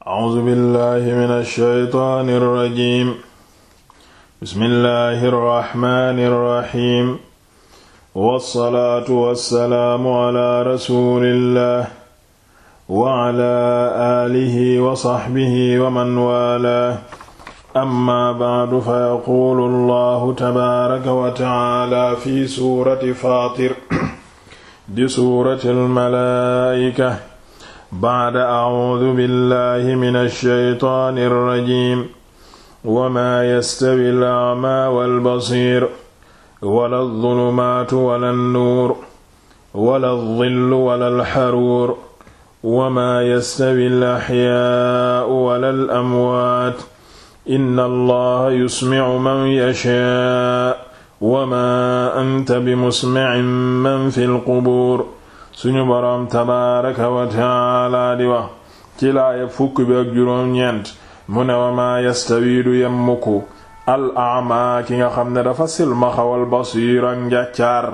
A'uuzu billaahi mina shaytaani rajiim. Bismillaahi rahmaani rahiim. Wassalaatu wassalaamu alaa rasuulillaah wa alaa aalihi wa sahbihi wa man waalaah. Ammaa ba'du fa yaquulu Allaahu tabaaraka wa ta'aalaa fi suurati Faatir, di suuratil malaa'ika. ba'da a'uudu billahi mina shaytaani rajiim wa maa yastawi al-a'maa wal-basiir wala zulumaatu wala nuur wala zillu wala alxaruur wa maa yastawi al-axyaa'u wala al-amwaat inna allaha yusmicu man yashaa wa maa anta bimusmicin man fil qubuur suñu boroom tabaaraka di wax ci laaya fukk bi ak juróom-ñeent mu ne wa maa yastawi yem mukk al ama ki nga xam ne dafa silmaxawal basiir ak njàccaar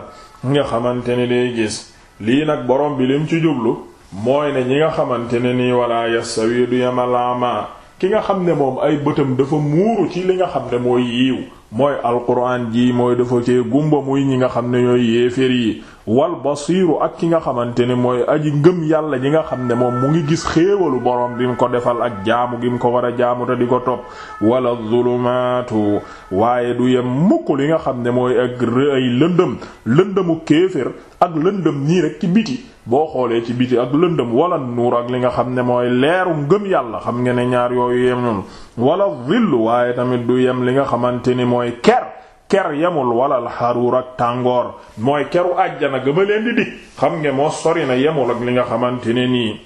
nga xamante ne day gis lii nag borom bi lim ci jublu mooy ne ñi nga xamante ne nii wala yastawi du yem al ama ki nga xam ne moom ay bëtam dafa muuru ci li nga xam ne mooy yiiw mooy alquran ji mooy dafa cee gumba muy ñi nga xam ne ñooy yéefér yi wal basiiru ak ki nga xamante ne mooy aji ngëm yàlla ji nga xam ne moom mu ngi gis xéewalu boroom bi mu ko defal ak jaamu gi mu ko war a jaamu te di ko topp wala zulumaatu waaye du yem mukk li nga xam ne mooy ak ay lëndëm lëndëmu kéefër ak lëndëm nii rek ci biti boo xoolee ci biti ak lëndëm wala nuur ak li nga xam ne mooy leeru ngëm yàlla xam nga ne ñaar yooyu yem wala zillu waaye tamit du yem li nga xamante mooy ker ker yemul wala alxaruur ak tàngoor mooy keru àjjana ga leen di dig xam nga moo sori na yemul ak li nga xamante ne nii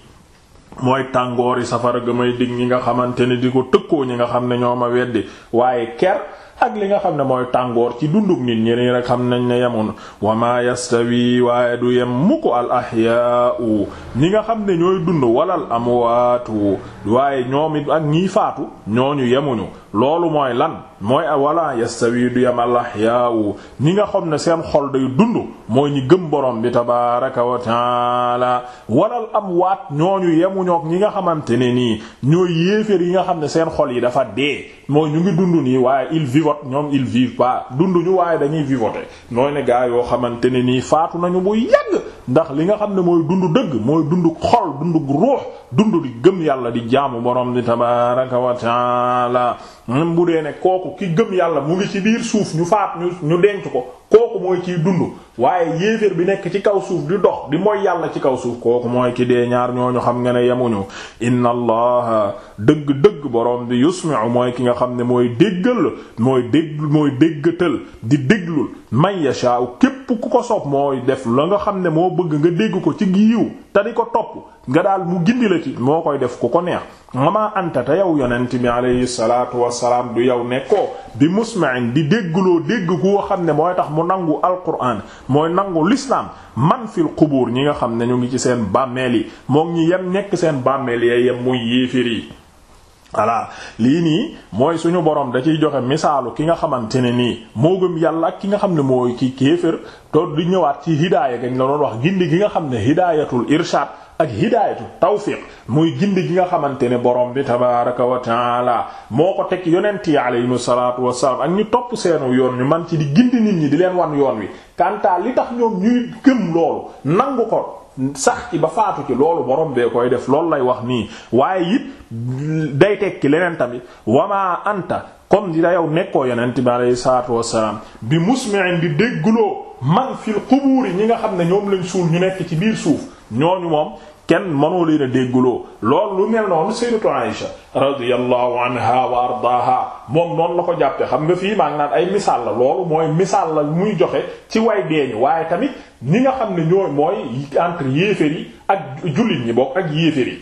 mooy tàngoor yi safara gëmay may ñi nga xamante ne di ko tëkkoo ñi nga xam ne ñoo ma weddi waaye ker ak li nga xam ne mooy tàngoor ci dunduk nit ñi rek xam nañ ne yemoon wa ma yastawi waaye du yem mukk ko al ahyaau ñi nga xam ne ñooy dund walal amwaatu waaye ñoom it ak ñii faatu ñooñu yemuñu loolu mooy lan mooy wala yastawi du yam al ahyaau ñi nga xam ne seen xol day dund mooy ñi gëm borom bi tabaraka wa taala walal amwaat ñooñu yemuñook ñi nga xamante ne nii ñooy yéeféer yi nga xam ne seen xol yi dafa dee mooy ñu ngi dund nii waaye ils vivotent ñoom ils vivent pas dunduñu waaye dañuy vivoter mooy ne gaa yoo xamante ne nii faatu nañu bu yàgg ndax li nga xam ne mooy dund dëgg mooy dund xol dund ruux dund di gëm yàlla di jaamu borom di tabaraka wa taala même bu dee ne kooku ki gëm yàlla mu ngi ci biir suuf ñu faat ñu ñu denc ko kooku mooy kiy dund waaye yéeféer bi nekk ci kaw suuf di dox bi mooy yàlla ci kaw suuf kooku mooy ki dee ñaar ñooñu xam nga ne yemuñu inna allaha dëgg-dëgg borom bi yusmi'u mooy ki nga xam ne mooy déggal mooy dégg mooy déggatal di déglul man yasha'u képp képp ko soob mooy def la nga xam ne moo bëgg nga dégg ko ci giiw te di ko topp nga daal mu gindi la ci moo koy def ku ko neex mama anta te yow yonent bi alayhi salaatu wassalaam du yow nekkoo bi musma'in di dégguloo dégg koo xam ne mooy tax mu nangu alquran mooy nangu l'islam man fil qubuur ñi nga xam ne ñu ngi ci seen bàmmeel yi moom ñi yem nekk seen bàmmeel yee yem muy yéefir yi voilà lii nii mooy suñu borom da ciy joxe misaalu ki nga xamante ne nii moo gëm yàlla ak ki nga xam ne mooy ki kéefër to di ñëwaat ci hidaaya gañ la doon wax gind gi nga xam ne hidaayatul irshad ak hidaayatu tawfiq muy gindi gi nga xamante ne borom bi tabaraka wa moo ko teg yonent yi aleyhim salaatu wasalaam ak ñu topp seenu yoon ñu man ci di gindi nit ñi di leen wan yoon wi kantaa li tax ñoom ñuy gëm loolu nangu ko sax ci ba faatu ci loolu borom bee koy def loolu lay wax nii waaye it day tekki leneen tamit wama anta kon di da yow nekkoo yonent bi aleyhi salaatu wassalaam bi musmi'in di déggloo man fil qubuuri ñi nga xam ne ñoom lañ suul ñu nekk ci biir suuf ñooñu moom kenn mënoo leen dégguloo déggloo loolu lu mel noonu sayyidatu Aïsha radiyallahu anha wa ardaaha moom noonu la ko jàppe xam nga fii maa ngi naan ay misaal la loolu mooy misaal la muy joxe ci way deeñu waaye tamit ñi nga xam ne ñoo mooy entre yéeféer yi ak jullit ñi bokk ak yéeféer yi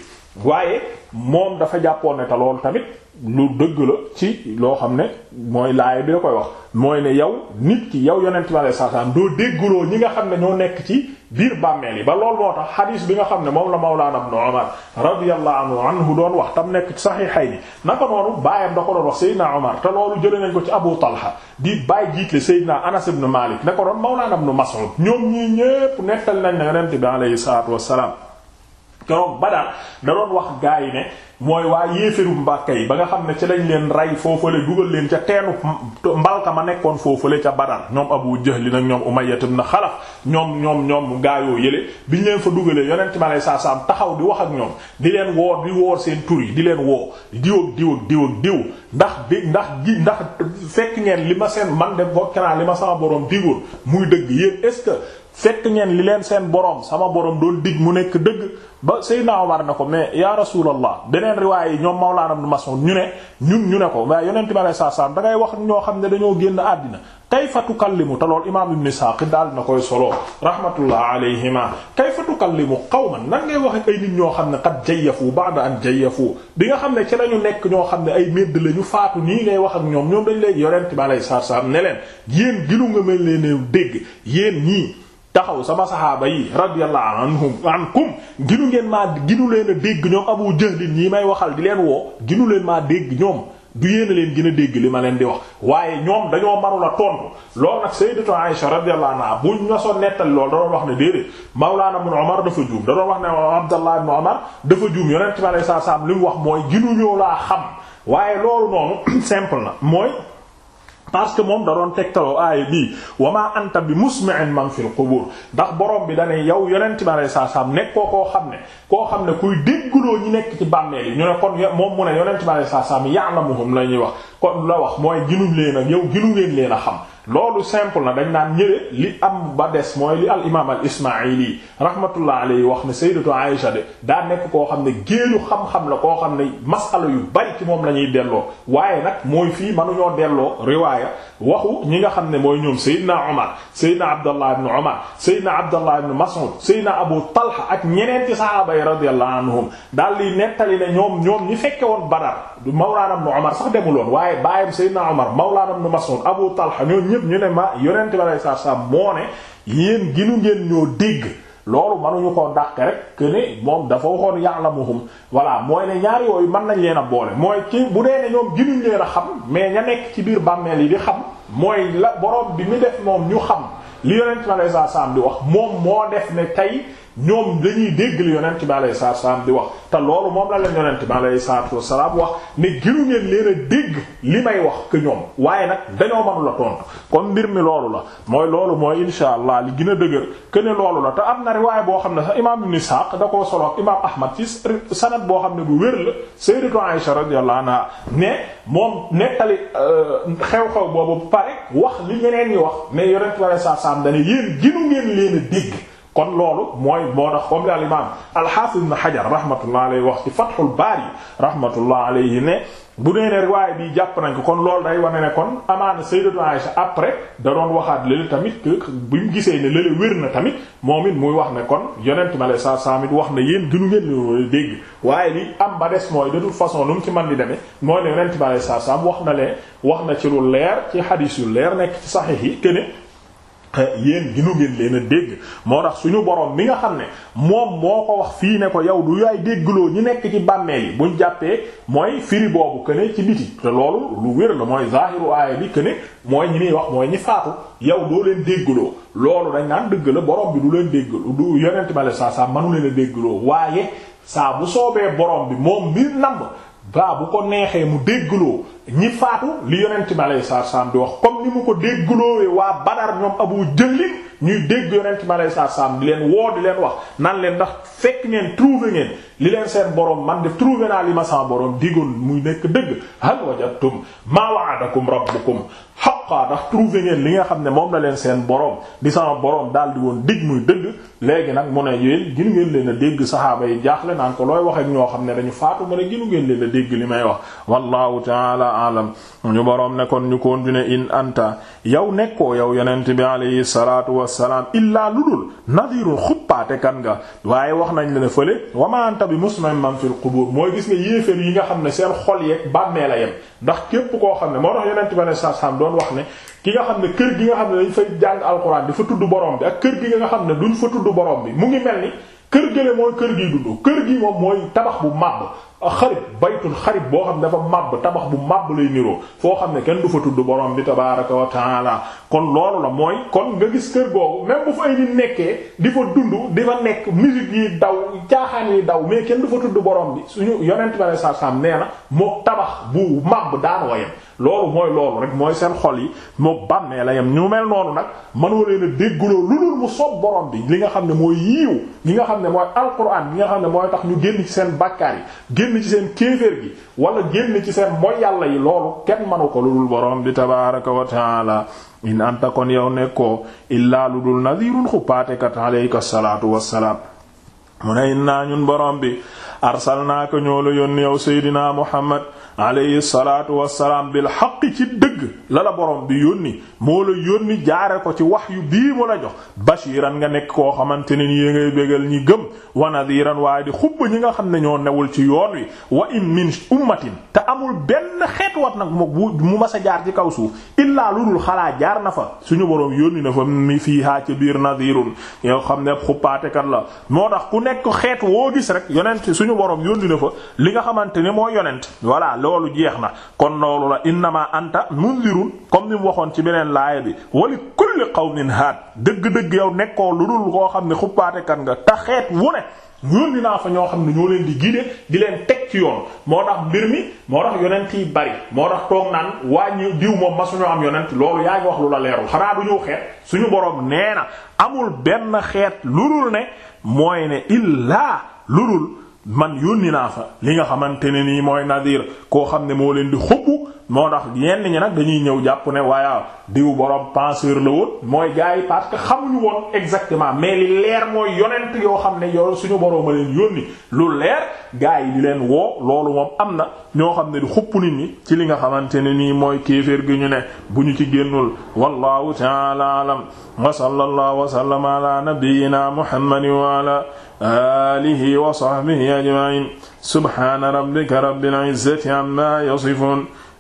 waaye moom dafa jàppoon ne tamit lu dëgg la ci loo xam ne mooy laay bi la koy wax mooy ne yow nit ki yow yonent bi alei sat salaam doo dégguloo ñi nga xam ne ñoo nekk ci biir bàmmeel yi ba lool moo tax xadiis bi nga xam ne moom la mawlaana ibnu Umar radiyallahu anhu anhu doon wax tam nekk ci saxiixay ni naka noonu baayam da ko doon wax Seydina Umar te loolu jëlee nañ ko ci Abu Talha di bàyyi jiitle Seydina Anas ibnu Maalik ne ko doon mawlaana ibnu Mas'ud ñoom ñii ñépp nettal nañ na yonent bi aleyhi salatu wasalaam keroog Badar da doon wax gaa yi ne mooy waa yéeféru Mbàkka yi ba nga xam ne ci lañ leen rey foofale dugal leen ca teenu mbalka ma nekkoon foofu foofale ca Badar ñoom Abu li nag ñoom Umayya na Xalaf ñoom ñoom ñoom gaayoo yële biñ leen fa dugalee yonent ma lay saa saam taxaw di wax ak ñoom di leen woor di woor seen tur yi di leen woo diw ak diw ak diw diw ndax di ndax ji ndax fekk ngeen li ma seen man de bokk naa li ma sama borom digul muy dëgg yéen est-ce que fekk ngeen li leen seen borom sama borom doon dig mu nekk dëgg ba Seydina Omar na ko mais ya rasulallah beneen riwaay yi ñoom Mawlana ma Mas'ud ñu ne ñun ñu ne ko waaye yonent bi alayhi salaam da ngay wax ñoo xam ne dañoo génn àddina kayfa tukallimu te lool imaam Ibn Isaaq daal na koy solo rahmatullah alayhima kayfa tukallimu qawman nan ngay wax ak ay nit ñoo xam ne qad jayyafu ba'da an jayyafu bi nga xam ne ci lañu nekk ñoo xam ne ay medd la ñu faatu nii ngay wax ak ñoom ñoom dañ lay yonent bi alayhi salaam ne leen yéen gilu nga mel leen dégg yéen ñii taxaw sama saxaaba yi radiyallahu anhum ankum ginu ngeen maa ginu leen a dégg ñoom abu jahlin ñi may waxal di leen woo ginu leen maa dégg ñoom du yéen leen gën a dégg li ma leen di wax waaye ñoom dañoo marul la tontu loolu nag sayyidatu Aisha radiyallahu anha buñ ña soo nettali loolu da wax ne déedéet Mawlana ibn Umar dafa juum da doon wax ne Abdallah ibn Umar dafa juum yonent bi sallallahu saa wasallam li mu wax mooy ginu ñoo laa xam waaye loolu noonu simple na mooy. parce que moom da doon tegtaloo aaya bii wa maa anta bi musmi'in man fil qubur ndax borom bi dane yow yonent bi alayhi salaam nekkoo koo xam ne koo xam ne kuy dégguloo ñi nekk ci bàmmeel yi ñu moom mu ne yonent bi alayhi salaam ya'lamuhum la ñuy wax kon la wax mooy ginu leen a yow ginu ngeen leen a xam loolu simple na dañ naan ñëwee li am ba des mooy li al imaam al ismaili rahmatullah alayhi wax ne sayyidatu Aisha de daa nekk koo xam ne géeju xam-xam la koo xam ne masala yu bari ci moom lañuy ñuy delloo waaye nag mooy fii mënuñoo delloo riwaaya waxu ñi nga xam ne mooy ñoom sayyidna Umar sayyidna Abdallah ibn Umar sayyidna Abdallah ibn Mas'ud sayyidna Abu Talha ak ñeneen ci sahaaba yi radiyallahu anhum daal di nettali ne ñoom ñoom ñi fekke woon Badar Mawlaana ibn Umar sax demuloon waaye baayam Seydina Umar Mawlaana ibn Mas'ud Abu Talha ñoom ñëpp ñu ne ma yonent bi alayhi salaatu salaam moo ne yéen ginu ngeen ñoo dégg loolu mënuñu koo dàq rek que ne dafa waxoon ya'lamuhum voilà mooy ne ñaar yooyu man nañ leen a boole mooy ci bu dee ne ñoom ginuñ leen a xam mais ña nekk ci biir bàmmeel yi di xam mooy la boroom bi mu def moom ñu xam li yonent bi alayhi salaatu salaam di wax moom moo def ne tey. ñoom dañuy dégg li yonent bi alayhi salaatu salaam di wax te loolu moom la leen yonent bi alayhi salaatu salaam wax ne giru ngeen leen a dégg li may wax que ñoom waaye nag dañoo mënula tontu kon mbir mi loolu la mooy loolu mooy insha allah li gën a dëgër que loolu la te am na riwaay boo xam ne sax imaam Ibn Isaaq da koo solo ak imaam Ahmad ci sanad boo xam ne bu wér la sayyidatu Aisha radiyallahu anha ne moom nettali euh, xew-xew boobu pare wax li ñeneen ñi wax mais yonent bi alayhi salaatu salaam dañuy yéen ginu ngeen leen a kon loolu mooy moo tax comme al imaam al-Hafiz Ibn Hajar rahmatullah wax ci Fathul Bari rahmatullah alayhi ne bu nee ne riwaay jàpp nañ ko kon loolu day wane ne kon amaana Sayyidatu Aisha après da doon waxaat lële tamit que bi mu gisee ne lële wér na tamit moom it muy wax ne kon yonent ma lay saa saa wax na yéen du ngeen dégg waaye li am ba des mooy de toute façon lu mu ci man di demee mooy ne yonent ma lay saa saa wax na leen wax na ci lu leer ci hadith yu leer nekk ci saxiix yi que yéen ginu ngeen leen a dégg moo tax suñu borom bi nga xam ne moom moo ko wax fii ne ko yow du yaay déggloo ñi nekk ci bàmmeel yi buñ jàppee mooy firi boobu këne ci biti te loolu lu wér la mooy zaahiru aaya bi këne mooy ñi muy wax mooy ñi faatu yow doo leen déggloo loolu dañ naan dëgg la borom bi du leen dégg du yonent ma saa saa manu leen a déggloo waaye saa bu soobee borom bi moom mi namb baa bu ko neexee mu déggloo ñi faatu li yonent ma alayhi salaatu salaam di wax comme ni mu ko déggloowe waa Badar ñoom Abu Jahlin ñuy dégg yonent bi alayhi salaatu salaam di leen woo di leen wax nan leen ndax fekk ngeen trouver ngeen li leen seen borom man de trouvé naa li ma sa borom digoon muy nekk dëgg hal wajadtum ma wa'adakum rabbukum haqqan ndax trouvé ngeen li nga xam ne moom la leen seen borom di sama borom daal di woon dig muy dëgg léegi nag mu ne yéen ginu ngeen leen a dégg saxaaba yi jaaxle naan ko looy wax ak ñoo xam ne dañu faatu ma ne ginu ngeen leen a dégg li may wax wallahu ta'ala a'lam ñu borom ne kon ñu continuer in anta yow nekkoo yow yonent bi alayhi salatu wassalaam illaa ludul nadirul xuppaate kan nga anta bi musmim man fil qubur mooy gis nga yéeféer yi nga xam ne seen xol yeeg bàmmee la yem ndax képp koo xam ne moo tax yonent bi sallallahu alayhi wasallam doon wax ne ki nga xam ne kër gi nga xam ne dañ fay jàng alxuraan dafa tudd borom bi ak kër gi nga xam ne duñ fa tudd borom bi mu ngi mel ni kër gële mooy kër gi dund kër gi moom mooy tabax bu màbb xarib baytul xarib boo xam ne dafa màbb tabax bu màbb lay niroo foo xam ne kenn du fa tudd borom bi tabaaraka wa taala kon loolu la mooy kon nga gis kër googu même bu fa ay nit nekkee di fa dund di fa nekk musique yi daw caaxaan yi daw mais kenn du fa tudd boroom bi suñu yonent ba sa sam nee na moo tabax bu màbb daan wayam loolu mooy loolu rek mooy seen xol yi moo bàmmee la yam ñu mel noonu nag mënoo leen a dégguloo lu dul mu sob borom bi li nga xam ne mooy yiiw li nga xam ne mooy alquran li nga xam ne mooy tax ñu génn ci seen bàkkaar génn ci seen kéeféer gi wala génn ci seen mooy yàlla yi loolu kenn manu ko lu dul borom bi tabaaraka wa taala in anta kon yow nekkoo illaa lu dul nadirun xuppaatekat salaatu wassalaam mu ne in naa ñun borom bi arsalnaaka ñoo la yónni yow muhammad alayhi salaatu wassalaam bil xaq ci dëgg la borom bi yónni moo la yónni jaare ko ci wax yu bii mu la jox bashiran nga nekk koo xamante ne nii ngay bégal ñi gëm wa nadiran waaye di xubba ñi nga xam ne ñoo newul ci yoon wi wa in min ummatin te amul benn xeet wat nag mu mu mas a jaar ci kaw suuf illaa lu dul xalaa jaar na fa suñu borom yónni na fa mi fii haa ca biir nadirun yoo xam ne xuppaatekat la moo tax ku nekk xeet woo gis rek yonent suñu borom yónni na fa li nga xamante ne moo yonent loolu jeex na kon loolu la innama anta munzirun comme ni mu waxoon ci beneen laaya bi wali kulli qawmin haad dëgg-dëgg yow nekkoo lu dul koo xam ne xuppaatekat nga ta xeet wu ne ñun naa fa ñoo xam ne ñoo leen di guider di leen teg ci yoon moo tax mbir mi moo tax yonent bari moo tax toog naan waa diw moom ma suñu am yonent loolu yaa ngi wax lu la leerul xanaa du ñu xeet suñu boroom nee na amul benn xeet lu dul ne mooy ne illaa lu dul man yónni naa fa li nga xamante ne nii mooy nadir koo xam ne moo leen di xubbu moo tax yenn ñi nag dañuy ñëw jàpp ne waaye diw borom penseur la woon mooy gars yi parce que xamuñu woon exactement mais li leer mooy yonent yoo xam ne yow suñu borom a leen yónni lu leer gars yi di leen woo loolu moom am na ñoo xam ne di xupp nit ñi ci li nga xamante ne nii mooy kéeféer gi ñu ne bu ñu ci génnul wallahu ta'ala alam wa sallallahu wa sallama ala nabiyyina muhammadin wa ala alihi wa sahbihi ajma'in subhana rabbika rabbil izzati amma yasifun